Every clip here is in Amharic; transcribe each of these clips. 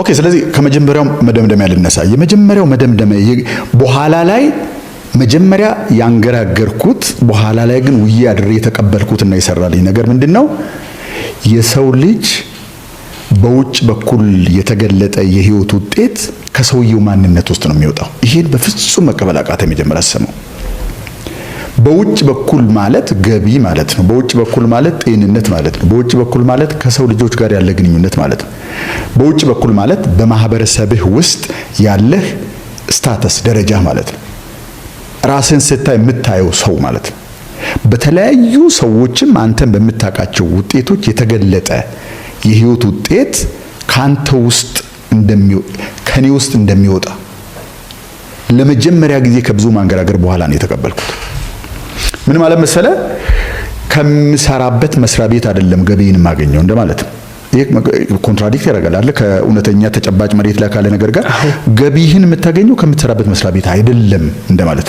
ኦኬ። ስለዚህ ከመጀመሪያው መደምደሚያ ልነሳ። የመጀመሪያው መደምደሚያ በኋላ ላይ መጀመሪያ ያንገራገርኩት በኋላ ላይ ግን ውዬ አድሬ የተቀበልኩት እና የሰራልኝ ነገር ምንድን ነው? የሰው ልጅ በውጭ በኩል የተገለጠ የህይወት ውጤት ከሰውየው ማንነት ውስጥ ነው የሚወጣው። ይሄን በፍጹም መቀበል አቃተ። የመጀመሪያ ሰማው በውጭ በኩል ማለት ገቢ ማለት ነው። በውጭ በኩል ማለት ጤንነት ማለት ነው። በውጭ በኩል ማለት ከሰው ልጆች ጋር ያለ ግንኙነት ማለት ነው። በውጭ በኩል ማለት በማህበረሰብህ ውስጥ ያለህ ስታተስ ደረጃ ማለት ነው። ራስን ስታይ የምታየው ሰው ማለት ነው። በተለያዩ ሰዎችም አንተን በምታውቃቸው ውጤቶች የተገለጠ የህይወት ውጤት ካንተ ውስጥ እንደሚወጣ ከኔ ውስጥ እንደሚወጣ ለመጀመሪያ ጊዜ ከብዙ ማንገራገር በኋላ ነው የተቀበልኩት። ምን ማለት መሰለ ከምሰራበት መስሪያ ቤት አይደለም ገቢን የማገኘው እንደማለት ይሄ ኮንትራዲክት ያደርጋል አለ ከእውነተኛ ተጨባጭ መሬት ላይ ካለ ነገር ጋር ገቢህን የምታገኘው ከምትሰራበት መስሪያ ቤት አይደለም እንደማለት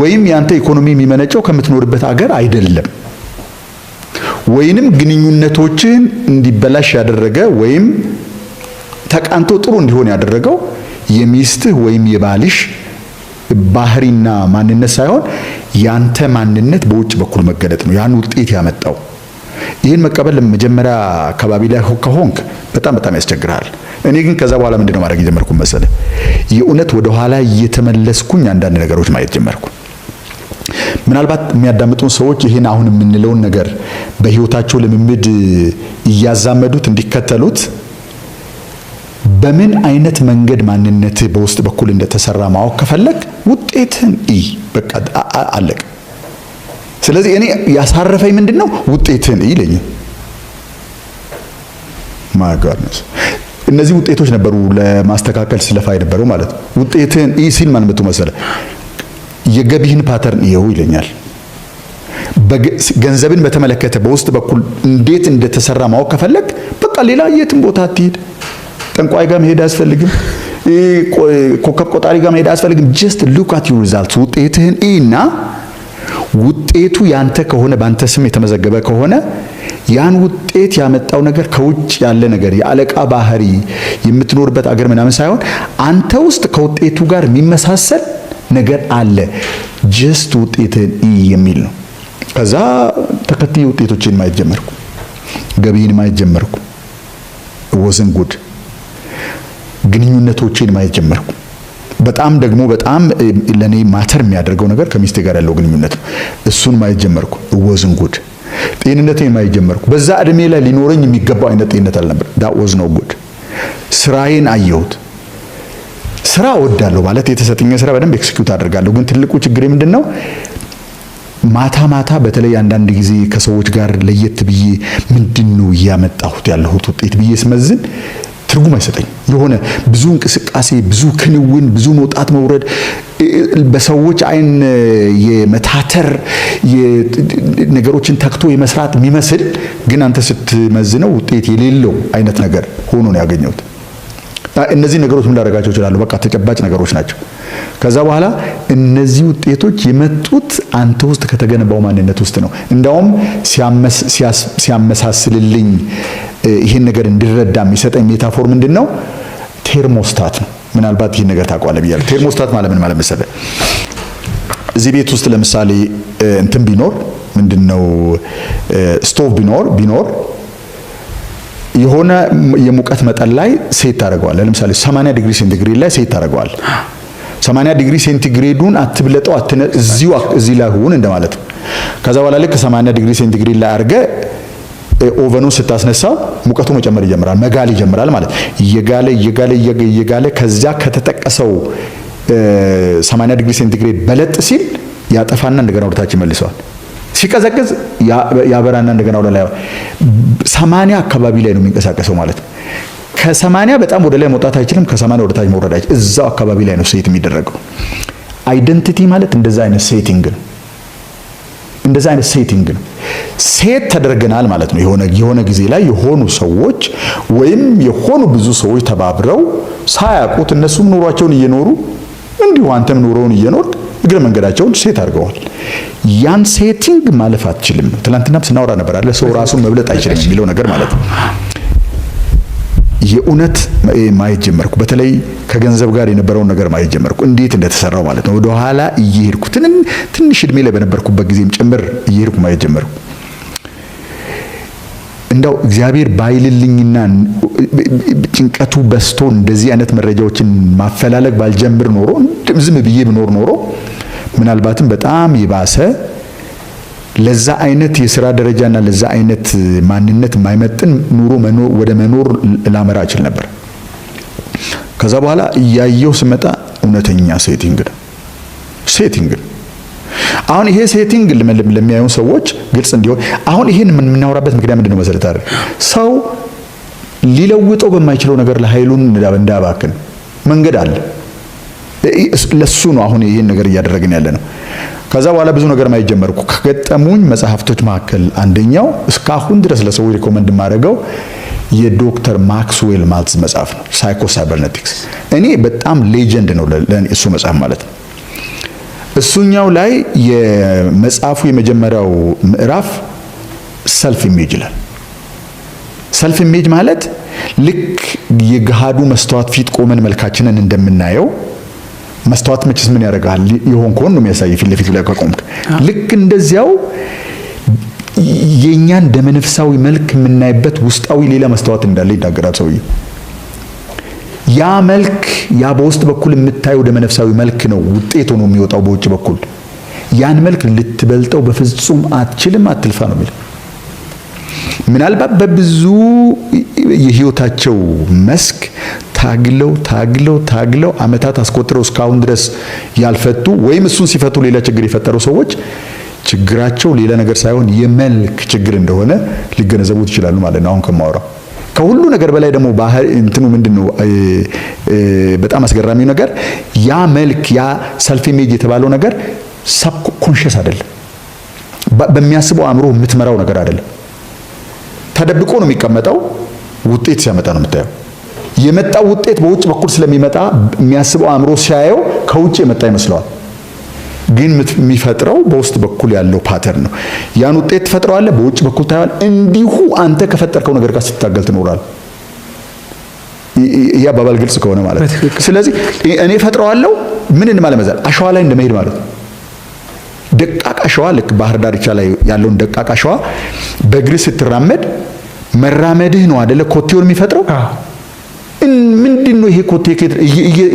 ወይም ያንተ ኢኮኖሚ የሚመነጨው ከምትኖርበት አገር አይደለም ወይንም ግንኙነቶችን እንዲበላሽ ያደረገ ወይም ተቃንቶ ጥሩ እንዲሆን ያደረገው የሚስትህ ወይም የባልሽ ባህሪና ማንነት ሳይሆን ያንተ ማንነት በውጭ በኩል መገለጥ ነው ያን ውጤት ያመጣው። ይህን መቀበል መጀመሪያ አካባቢ ላይ ከሆንክ በጣም በጣም ያስቸግራል። እኔ ግን ከዛ በኋላ ምንድነው ማድረግ የጀመርኩ መሰለ የእውነት ወደኋላ እየተመለስኩኝ አንዳንድ ነገሮች ማየት ጀመርኩ። ምናልባት የሚያዳምጡን ሰዎች ይህን አሁን የምንለውን ነገር በህይወታቸው ልምምድ እያዛመዱት እንዲከተሉት በምን አይነት መንገድ ማንነትህ በውስጥ በኩል እንደተሰራ ማወቅ ከፈለግ ውጤትን እይ። በቃ አለቀ። ስለዚህ እኔ ያሳረፈኝ ምንድን ነው? ውጤትን እይ ይለኝ። ማጋነስ እነዚህ ውጤቶች ነበሩ ለማስተካከል ስለፋ የነበረው ማለት ነው። ውጤትን እይ ሲል ማን መቶ መሰለ የገቢህን ፓተርን ይኸው ይለኛል። ገንዘብን በተመለከተ በውስጥ በኩል እንዴት እንደተሰራ ማወቅ ከፈለግ በቃ ሌላ የትም ቦታ አትሄድ፣ ጠንቋይ ጋር መሄድ አያስፈልግም። ኮከብ ቆጣሪ ጋር መሄድ አያስፈልግም። ጀስት ሉክ አት ዩ ሪዛልትስ ውጤትህን እና ውጤቱ ያንተ ከሆነ በአንተ ስም የተመዘገበ ከሆነ ያን ውጤት ያመጣው ነገር ከውጭ ያለ ነገር የአለቃ ባህሪ የምትኖርበት አገር ምናምን ሳይሆን አንተ ውስጥ ከውጤቱ ጋር የሚመሳሰል ነገር አለ። ጀስት ውጤትህን የሚል ነው። ከዛ ተከትዬ ውጤቶችን ማየት ጀመርኩ። ገቢን ማየት ጀመርኩ። ወዝን ጉድ ግንኙነቶቼን ማየት ጀመርኩ። በጣም ደግሞ በጣም ለእኔ ማተር የሚያደርገው ነገር ከሚስቴ ጋር ያለው ግንኙነት ነው። እሱን ማየት ጀመርኩ። እወዝን ጉድ ጤንነቴን ማየት ጀመርኩ። በዛ እድሜ ላይ ሊኖረኝ የሚገባው አይነት ጤንነት አልነበር። ዳት ወዝ ነው ጉድ። ስራዬን አየሁት። ስራ እወዳለሁ ማለት የተሰጠኝ ስራ በደንብ ኤክስኪዩት አደርጋለሁ። ግን ትልቁ ችግሬ ምንድን ነው? ማታ ማታ በተለይ አንዳንድ ጊዜ ከሰዎች ጋር ለየት ብዬ ምንድን ነው እያመጣሁት ያለሁት ውጤት ብዬ ስመዝን ትርጉም አይሰጠኝ። የሆነ ብዙ እንቅስቃሴ፣ ብዙ ክንውን፣ ብዙ መውጣት መውረድ፣ በሰዎች አይን የመታተር ነገሮችን ተክቶ የመስራት የሚመስል ግን አንተ ስትመዝነው ውጤት የሌለው አይነት ነገር ሆኖ ነው ያገኘሁት። እነዚህ ነገሮች ምን ላደርጋቸው ይችላሉ? በቃ ተጨባጭ ነገሮች ናቸው። ከዛ በኋላ እነዚህ ውጤቶች የመጡት አንተ ውስጥ ከተገነባው ማንነት ውስጥ ነው። እንዳውም ሲያመሳስልልኝ ይህን ነገር እንድረዳ የሚሰጠኝ ሜታፎር ምንድን ነው? ቴርሞስታት ነው። ምናልባት ይህን ነገር ታውቀዋለህ ብያለሁ። ቴርሞስታት ማለት ምን ማለት መሰለህ? እዚህ ቤት ውስጥ ለምሳሌ እንትን ቢኖር ምንድን ነው ስቶቭ ቢኖር ቢኖር የሆነ የሙቀት መጠን ላይ ሴት ታደርገዋል። ለምሳሌ 80 ዲግሪ ሴንቲግሬድ ላይ ሴት ታደርገዋል። 80 ዲግሪ ሴንቲግሬዱን አትብለጠው አትነ እዚሁ እዚህ ላይ ሁን እንደማለት ነው። ከዛ በኋላ ልክ 80 ዲግሪ ሴንቲግሬድ ላይ አድርገ ኦቨኑ ስታስነሳ ሙቀቱ መጨመር ይጀምራል፣ መጋል ይጀምራል ማለት እየጋለ እየጋለ እየጋለ ከዛ ከተጠቀሰው 80 ዲግሪ ሴንቲግሬድ በለጥ ሲል ያጠፋና እንደገና ወደታች ይመልሰዋል። ሲቀዘቅዝ ያበራና እንደገና ወደ ላይ ሰማንያ አካባቢ ላይ ነው የሚንቀሳቀሰው ማለት ነው። ከሰማንያ በጣም ወደ ላይ መውጣት አይችልም። ከሰማንያ ወደ ታች መውረድ አይችልም። እዛው አካባቢ ላይ ነው ሴት የሚደረገው። አይደንቲቲ ማለት እንደዛ አይነት ሴቲንግ ነው። እንደዛ አይነት ሴቲንግ ነው። ሴት ተደርገናል ማለት ነው። የሆነ የሆነ ጊዜ ላይ የሆኑ ሰዎች ወይም የሆኑ ብዙ ሰዎች ተባብረው ሳያውቁት እነሱም ኑሯቸውን እየኖሩ እንዲሁ አንተም ኑሮውን እየኖር እግረ መንገዳቸውን ሴት አድርገዋል። ያን ሴቲንግ ማለፍ አትችልም። ትላንትናም ስናወራ ነበር አለ ሰው ራሱን መብለጥ አይችልም የሚለው ነገር ማለት ነው። የእውነት ማየት ጀመርኩ። በተለይ ከገንዘብ ጋር የነበረውን ነገር ማየት ጀመርኩ፣ እንዴት እንደተሰራው ማለት ነው። ወደኋላ እየሄድኩ ትንሽ እድሜ ላይ በነበርኩበት ጊዜም ጭምር እየሄድኩ ማየት ጀመርኩ። እንደው እግዚአብሔር ባይልልኝና ጭንቀቱ በስቶ እንደዚህ አይነት መረጃዎችን ማፈላለግ ባልጀምር ኖሮ ዝም ብዬ ብኖር ኖሮ ምናልባትም በጣም የባሰ ለዛ አይነት የስራ ደረጃና ለዛ አይነት ማንነት የማይመጥን ኑሮ ወደ መኖር ላመራ እችል ነበር። ከዛ በኋላ እያየሁ ስመጣ እውነተኛ ሴቲንግ ነው ሴቲንግ አሁን ይሄ ሴቲንግ ለሚያዩ ሰዎች ግልጽ እንዲሆን አሁን ይሄን የምናወራበት ምክንያት ምንድነው? መሰረት አይደል ሰው ሊለውጠው በማይችለው ነገር ለኃይሉን እንዳባክን መንገድ አለ። ለሱ ነው አሁን ይሄን ነገር እያደረግን ያለ ነው። ከዛ በኋላ ብዙ ነገር ማይጀመርኩ ከገጠሙኝ መጽሐፍቶች መካከል አንደኛው እስካሁን ድረስ ለሰው ሪኮመንድ የማደርገው የዶክተር ማክስዌል ማልትዝ መጽሐፍ ነው፣ ሳይኮ ሳይበርነቲክስ። እኔ በጣም ሌጀንድ ነው እሱ መጽሐፍ ማለት ነው። እሱኛው ላይ የመጽሐፉ የመጀመሪያው ምዕራፍ ሰልፍ ኢሜጅ ይላል። ሰልፍ ኢሜጅ ማለት ልክ የገሃዱ መስተዋት ፊት ቆመን መልካችንን እንደምናየው መስተዋት መችስ ምን ያደርጋል? የሆንከውን ነው የሚያሳይ ፊት ለፊት ላይ ከቆምክ። ልክ እንደዚያው የእኛን ደመነፍሳዊ መልክ የምናይበት ውስጣዊ ሌላ መስተዋት እንዳለ ይናገራል ሰውዬው። ያ መልክ ያ በውስጥ በኩል የምታየው ወደ መነፍሳዊ መልክ ነው ውጤት ሆኖ የሚወጣው በውጭ በኩል ያን መልክ ልትበልጠው በፍጹም አትችልም፣ አትልፋ ነው የሚለው። ምናልባት በብዙ የህይወታቸው መስክ ታግለው ታግለው ታግለው አመታት አስቆጥረው እስካሁን ድረስ ያልፈቱ ወይም እሱን ሲፈቱ ሌላ ችግር የፈጠሩ ሰዎች ችግራቸው ሌላ ነገር ሳይሆን የመልክ ችግር እንደሆነ ሊገነዘቡት ይችላሉ ማለት ነው አሁን ከማወራው ከሁሉ ነገር በላይ ደግሞ ባህር እንትኑ ምንድን ነው? በጣም አስገራሚው ነገር ያ መልክ ያ ሰልፍ ኢሜጅ የተባለው ነገር ሳብ ኮንሽስ አይደለም፣ በሚያስበው አእምሮ የምትመራው ነገር አይደለም። ተደብቆ ነው የሚቀመጠው። ውጤት ሲያመጣ ነው የምታየው። የመጣው ውጤት በውጭ በኩል ስለሚመጣ የሚያስበው አእምሮ ሲያየው ከውጭ የመጣ ይመስለዋል። ግን የሚፈጥረው በውስጥ በኩል ያለው ፓተርን ነው። ያን ውጤት ትፈጥረዋለህ፣ በውጭ በኩል ታየዋል። እንዲሁ አንተ ከፈጠርከው ነገር ጋር ስትታገል ትኖራል ይህ አባባል ግልጽ ከሆነ ማለት ነው። ስለዚህ እኔ ፈጥረዋለሁ ምንን ማለመዛል አሸዋ ላይ እንደመሄድ ማለት ነው። ደቃቅ አሸዋ ልክ ባህር ዳርቻ ላይ ያለውን ደቃቅ አሸዋ በእግር ስትራመድ መራመድህ ነው አደለ? ኮቴውን የሚፈጥረው ምንድን ነው? ይሄ ኮቴ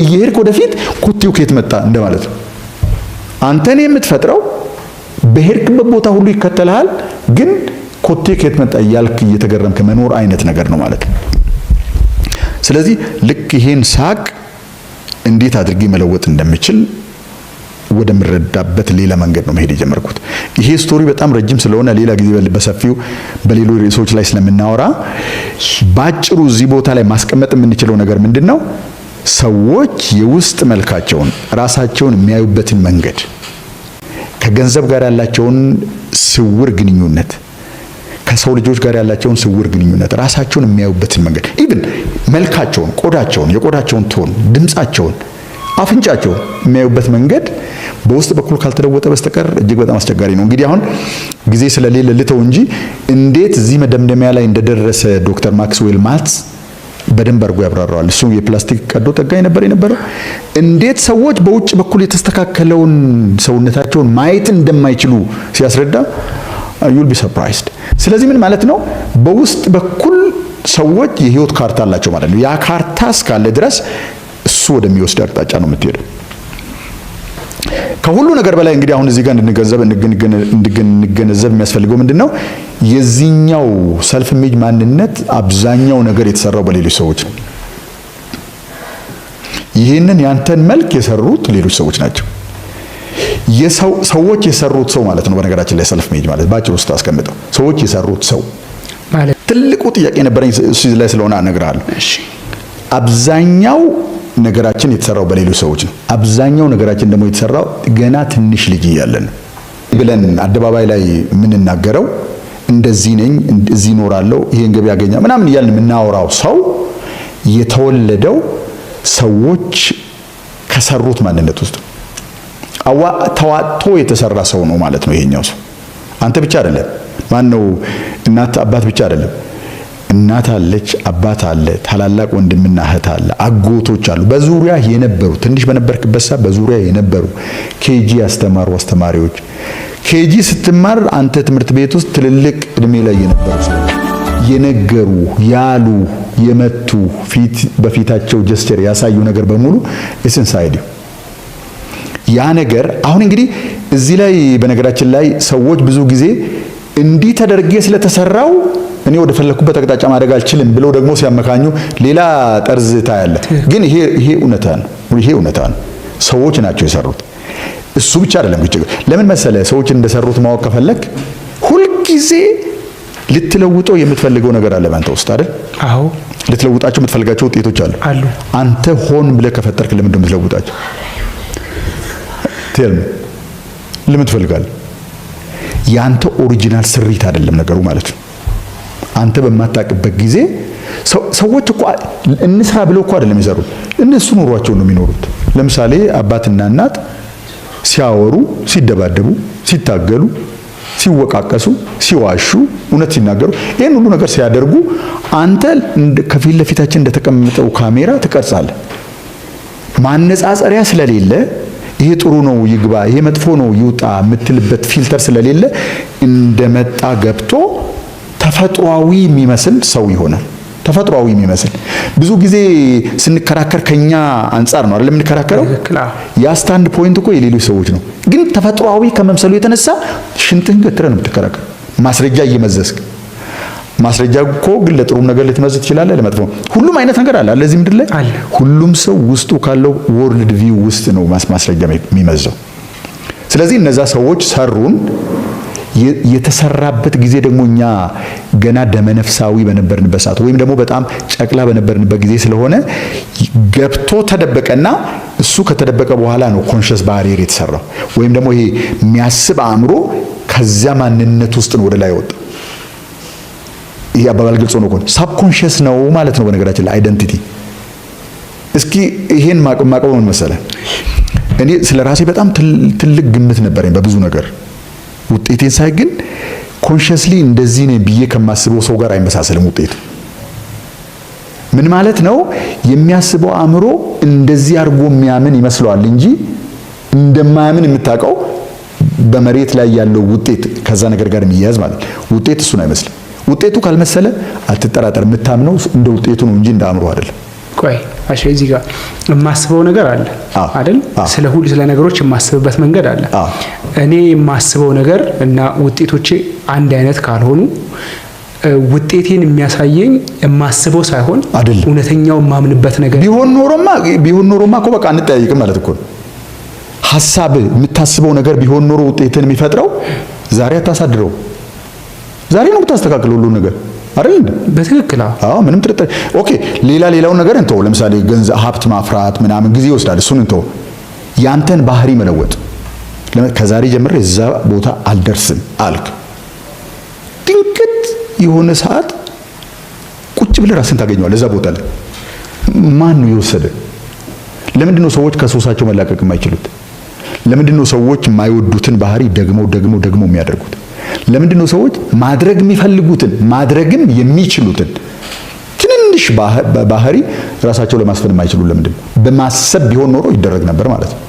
እየሄድክ ወደፊት ኮቴው ከየት መጣ እንደማለት ነው። አንተን የምትፈጥረው በሄድክበት ቦታ ሁሉ ይከተልሃል። ግን ኮቴ ከየት መጣ እያልክ እየተገረምክ ከመኖር አይነት ነገር ነው ማለት ነው። ስለዚህ ልክ ይሄን ሳቅ እንዴት አድርጌ መለወጥ እንደምችል ወደምረዳበት ሌላ መንገድ ነው መሄድ የጀመርኩት። ይሄ ስቶሪ በጣም ረጅም ስለሆነ ሌላ ጊዜ በሰፊው በሌሎች ርዕሶች ላይ ስለምናወራ ባጭሩ እዚህ ቦታ ላይ ማስቀመጥ የምንችለው ነገር ምንድን ነው? ሰዎች የውስጥ መልካቸውን ራሳቸውን የሚያዩበትን መንገድ ከገንዘብ ጋር ያላቸውን ስውር ግንኙነት ከሰው ልጆች ጋር ያላቸውን ስውር ግንኙነት ራሳቸውን የሚያዩበትን መንገድ ኢቭን መልካቸውን፣ ቆዳቸውን፣ የቆዳቸውን ቶን፣ ድምፃቸውን፣ አፍንጫቸውን የሚያዩበት መንገድ በውስጥ በኩል ካልተለወጠ በስተቀር እጅግ በጣም አስቸጋሪ ነው። እንግዲህ አሁን ጊዜ ስለሌለ ልተው እንጂ እንዴት እዚህ መደምደሚያ ላይ እንደደረሰ ዶክተር ማክስዌል ማልትስ በደንብ አድርጎ ያብራራዋል። እሱ የፕላስቲክ ቀዶ ጠጋኝ ነበር የነበረው። እንዴት ሰዎች በውጭ በኩል የተስተካከለውን ሰውነታቸውን ማየት እንደማይችሉ ሲያስረዳ ዩል ቢ ሰርፕራይዝድ። ስለዚህ ምን ማለት ነው? በውስጥ በኩል ሰዎች የህይወት ካርታ አላቸው ማለት ነው። ያ ካርታ እስካለ ድረስ እሱ ወደሚወስድ አቅጣጫ ነው የምትሄደው። ከሁሉ ነገር በላይ እንግዲህ አሁን እዚህ ጋር እንድንገነዘብ እንድንገነዘብ የሚያስፈልገው ምንድነው የዚህኛው ሰልፍ ሜድ ማንነት አብዛኛው ነገር የተሰራው በሌሎች ሰዎች ነው። ይህንን ያንተን መልክ የሰሩት ሌሎች ሰዎች ናቸው። ሰዎች የሰሩት ሰው ማለት ነው። በነገራችን ላይ ሰልፍ ሜድ ማለት ባጭር ውስጥ አስቀምጠው ሰዎች የሰሩት ሰው ትልቁ ጥያቄ ነበረኝ ላይ ስለሆነ አነግራለሁ። አብዛኛው ነገራችን የተሰራው በሌሎች ሰዎች ነው። አብዛኛው ነገራችን ደግሞ የተሰራው ገና ትንሽ ልጅ እያለን ብለን አደባባይ ላይ የምንናገረው እንደዚህ ነኝ፣ እዚህ እኖራለሁ፣ ይሄን ገቢ ያገኛል ምናምን እያልን የምናወራው ሰው የተወለደው ሰዎች ከሰሩት ማንነት ውስጥ አዋ ተዋጥቶ የተሰራ ሰው ነው ማለት ነው። ይሄኛው ሰው አንተ ብቻ አይደለም። ማን ነው እናት አባት ብቻ አይደለም። እናት አለች፣ አባት አለ፣ ታላላቅ ወንድምና እህት አለ፣ አጎቶች አሉ። በዙሪያ የነበሩ ትንሽ በነበርክበት ሰዓት በዙሪያ የነበሩ ኬጂ ያስተማሩ አስተማሪዎች፣ ኬጂ ስትማር አንተ ትምህርት ቤት ውስጥ ትልልቅ እድሜ ላይ የነበሩ ሰዎች የነገሩ ያሉ የመቱ ፊት በፊታቸው ጀስቸር ያሳዩ ነገር በሙሉ ኢንሳይድ ያ ነገር አሁን እንግዲህ እዚህ ላይ በነገራችን ላይ ሰዎች ብዙ ጊዜ እንዲህ ተደርጌ ስለተሰራው እኔ ወደ ፈለግኩበት አቅጣጫ ማድረግ አልችልም ብለው ደግሞ ሲያመካኙ ሌላ ጠርዝ ታያለ። ግን ይሄ ይሄ እውነታ ነው። ይሄ እውነታ ነው። ሰዎች ናቸው የሰሩት። እሱ ብቻ አይደለም ግጭ ለምን መሰለ ሰዎች እንደሰሩት ማወቅ ከፈለክ ሁልጊዜ ልትለውጠው የምትፈልገው ነገር አለ ባንተ ውስጥ አይደል? አዎ። ልትለውጣቸው የምትፈልጋቸው ውጤቶች አሉ አሉ። አንተ ሆን ብለህ ከፈጠርክ ለምን ነው ቴልም ለምን ትፈልጋለህ? ያንተ ኦሪጂናል ስሪት አይደለም ነገሩ ማለት ነው። አንተ በማታውቅበት ጊዜ ሰዎች እኮ እንስራ ብለው እኮ አይደለም የሚሰሩት፣ እነሱ ኑሯቸው ነው የሚኖሩት። ለምሳሌ አባትና እናት ሲያወሩ፣ ሲደባደቡ፣ ሲታገሉ፣ ሲወቃቀሱ፣ ሲዋሹ፣ እውነት ሲናገሩ፣ ይህን ሁሉ ነገር ሲያደርጉ አንተ ከፊት ለፊታችን እንደተቀመጠው ካሜራ ትቀርጻለ። ማነጻጸሪያ ስለሌለ ይሄ ጥሩ ነው ይግባ፣ ይሄ መጥፎ ነው ይውጣ የምትልበት ፊልተር ስለሌለ እንደመጣ ገብቶ ተፈጥሯዊ የሚመስል ሰው ይሆናል። ተፈጥሯዊ የሚመስል ብዙ ጊዜ ስንከራከር ከኛ አንጻር ነው አይደል የምንከራከረው። የአስታንድ ፖይንት እኮ የሌሎች ሰዎች ነው። ግን ተፈጥሯዊ ከመምሰሉ የተነሳ ሽንትህን ገትረህ ነው የምትከራከር። ማስረጃ እየመዘዝክ ማስረጃ እኮ ግን ለጥሩም ነገር ልትመዝ ትችላለህ፣ ለመጥፎ ሁሉም አይነት ነገር አለ። አለዚህ ምድር ላይ ሁሉም ሰው ውስጡ ካለው ወርልድ ቪው ውስጥ ነው ማስረጃ የሚመዘው። ስለዚህ እነዛ ሰዎች ሰሩን የተሰራበት ጊዜ ደግሞ እኛ ገና ደመነፍሳዊ በነበርንበት ሰዓት ወይም ደግሞ በጣም ጨቅላ በነበርንበት ጊዜ ስለሆነ ገብቶ ተደበቀና እሱ ከተደበቀ በኋላ ነው ኮንሽስ ባሪር የተሰራው ወይም ደግሞ ይሄ የሚያስብ አእምሮ ከዚያ ማንነት ውስጥ ነው ወደ ላይ ወጣ። ይህ አባባል ግልጽ ነው። ሳብኮንሽስ ነው ማለት ነው። በነገራችን ላይ አይደንቲቲ እስኪ ይሄን ማቀበውን መሰለ እኔ ስለ ራሴ በጣም ትልቅ ግምት ነበረኝ በብዙ ነገር ውጤቴን ሳይ ግን ኮንሽስሊ እንደዚህ ነኝ ብዬ ከማስበው ሰው ጋር አይመሳሰልም ውጤቱ። ምን ማለት ነው? የሚያስበው አእምሮ እንደዚህ አድርጎ የሚያምን ይመስለዋል እንጂ እንደማያምን የምታውቀው በመሬት ላይ ያለው ውጤት ከዛ ነገር ጋር የሚያያዝ ማለት ውጤት እሱን አይመስልም። ውጤቱ ካልመሰለ አትጠራጠር። የምታምነው እንደ ውጤቱ ነው እንጂ እንደ አእምሮ አይደለም። ቆይ አሽ እዚህ ጋር የማስበው ነገር አለ አይደል? ስለ ሁሉ ስለ ነገሮች የማስብበት መንገድ አለ። እኔ የማስበው ነገር እና ውጤቶቼ አንድ አይነት ካልሆኑ ውጤቴን የሚያሳየኝ የማስበው ሳይሆን እውነተኛው የማምንበት ነገር ቢሆን ኖሮማ ቢሆን ኖሮማ እኮ በቃ አንጠያይቅም ማለት እኮ ሀሳብ የምታስበው ነገር ቢሆን ኖሮ ውጤትን የሚፈጥረው ዛሬ አታሳድረው። ዛሬ ነው የምታስተካክለው ሁሉን ነገር አይደል? በትክክል አዎ፣ ምንም ጥርጥር። ኦኬ፣ ሌላ ሌላውን ነገር እንተው። ለምሳሌ ገንዘብ፣ ሀብት ማፍራት ምናምን ጊዜ ይወስዳል። እሱን እንተው። ያንተን ባህሪ መለወጥ ከዛሬ ጀምሬ እዛ ቦታ አልደርስም አልክ። ድንገት የሆነ ሰዓት ቁጭ ብለህ ራስን ታገኘዋል እዛ ቦታ ላይ። ማን ነው የወሰደ? ለምንድን ነው ሰዎች ከሶሳቸው መላቀቅ የማይችሉት? ለምንድን ነው ሰዎች የማይወዱትን ባህሪ ደግሞ ደግሞ ደግሞ የሚያደርጉት? ለምንድን ነው ሰዎች ማድረግ የሚፈልጉትን ማድረግም የሚችሉትን ትንንሽ ባህሪ ራሳቸው ለማስፈን የማይችሉ ለምንድን ነው? በማሰብ ቢሆን ኖሮ ይደረግ ነበር ማለት ነው።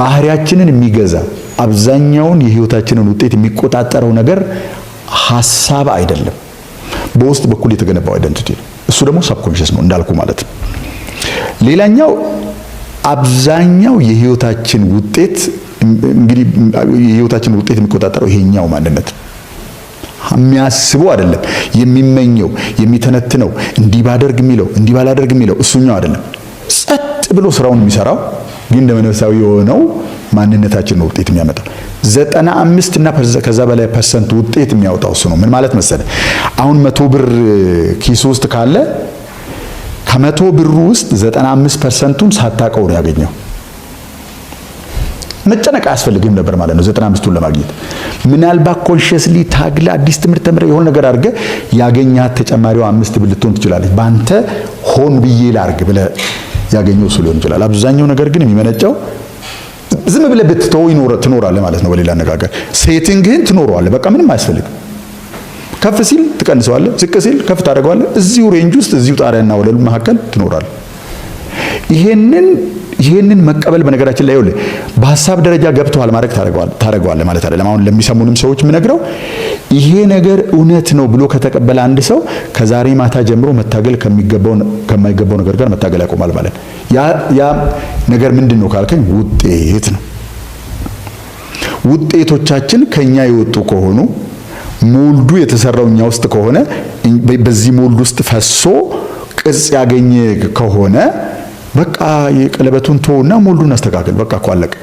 ባህሪያችንን የሚገዛ አብዛኛውን የህይወታችንን ውጤት የሚቆጣጠረው ነገር ሀሳብ አይደለም፣ በውስጥ በኩል የተገነባው አይደንቲቲ ነው። እሱ ደግሞ ሳብኮንሽስ ነው እንዳልኩ ማለት ነው። ሌላኛው አብዛኛው የህይወታችን ውጤት እንግዲህ የህይወታችን ውጤት የሚቆጣጠረው ይሄኛው ማንነት የሚያስቡ አይደለም። የሚመኘው የሚተነትነው እንዲህ ባደርግ የሚለው እንዲህ ባላደርግ የሚለው እሱኛው አይደለም። ጸጥ ብሎ ስራውን የሚሰራው ግን ለመንፈሳዊ የሆነው ማንነታችን ውጤት የሚያመጣው። ዘጠና አምስት እና ከዛ በላይ ፐርሰንት ውጤት የሚያወጣው እሱ ነው። ምን ማለት መሰለ፣ አሁን መቶ ብር ኪስ ውስጥ ካለ ከመቶ ብሩ ውስጥ ዘጠና አምስት ፐርሰንቱን ሳታውቀው ነው ያገኘው። መጨነቅ አያስፈልግም ነበር ማለት ነው። ዘጠና አምስቱን ለማግኘት ምናልባት ኮንሽስሊ ታግለ አዲስ ትምህርት ተምረ የሆነ ነገር አድርገ ያገኛት ተጨማሪው አምስት ብል ልትሆን ትችላለች። በአንተ ሆን ብዬ ላርግ ብለ ያገኘው እሱ ሊሆን ይችላል። አብዛኛው ነገር ግን የሚመነጨው ዝም ብለ ብትተው ትኖራለ ማለት ነው። በሌላ አነጋገር ሴቲንግህን ትኖረዋለ። በቃ ምንም አያስፈልግም። ከፍ ሲል ትቀንሰዋለ፣ ዝቅ ሲል ከፍ ታደርገዋለህ። እዚሁ ሬንጅ ውስጥ እዚሁ ጣሪያና ወለሉ መካከል ትኖራለ ይሄንን ይህንን መቀበል በነገራችን ላይ ይኸውልህ በሀሳብ ደረጃ ገብተዋል ማድረግ ታደርገዋለህ ማለት አይደለም። አሁን ለሚሰሙንም ሰዎች የምነግረው ይሄ ነገር እውነት ነው ብሎ ከተቀበለ አንድ ሰው ከዛሬ ማታ ጀምሮ መታገል ከማይገባው ነገር ጋር መታገል ያቆማል ማለት ያ ያ ነገር ምንድን ነው ካልከኝ ውጤት ነው። ውጤቶቻችን ከኛ የወጡ ከሆኑ ሞልዱ የተሰራው እኛ ውስጥ ከሆነ በዚህ ሞልድ ውስጥ ፈሶ ቅርጽ ያገኘ ከሆነ በቃ የቀለበቱን እና ሞልዱን አስተካክል በቃ እኮ አለቀ።